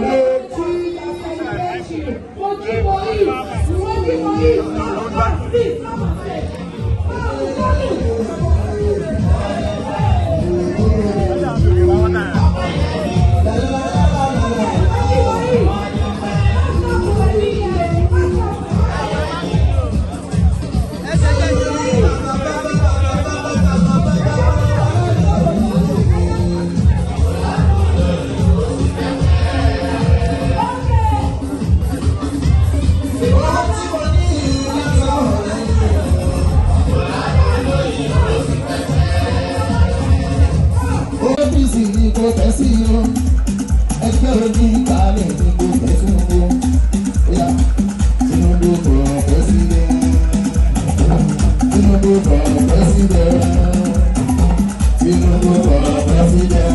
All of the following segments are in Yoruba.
Yeah. sí o ẹgbẹ́ òní balẹ̀ ní kò fẹ́ Tinubu yá Tinubu president Tinubu for president Tinubu for president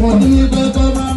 Mo ní bàbá máa.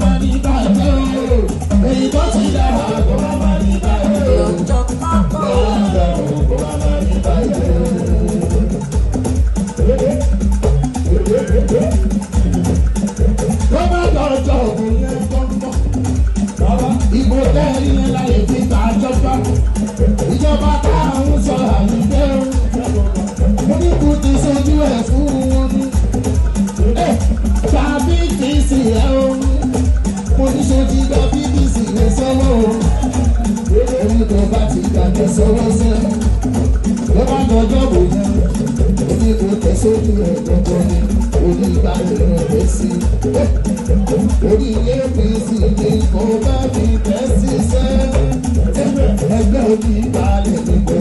sí ni kò bá mi bẹ́ ṣiṣẹ́ ẹgbẹ́ òbí balẹ̀ nígbẹ́.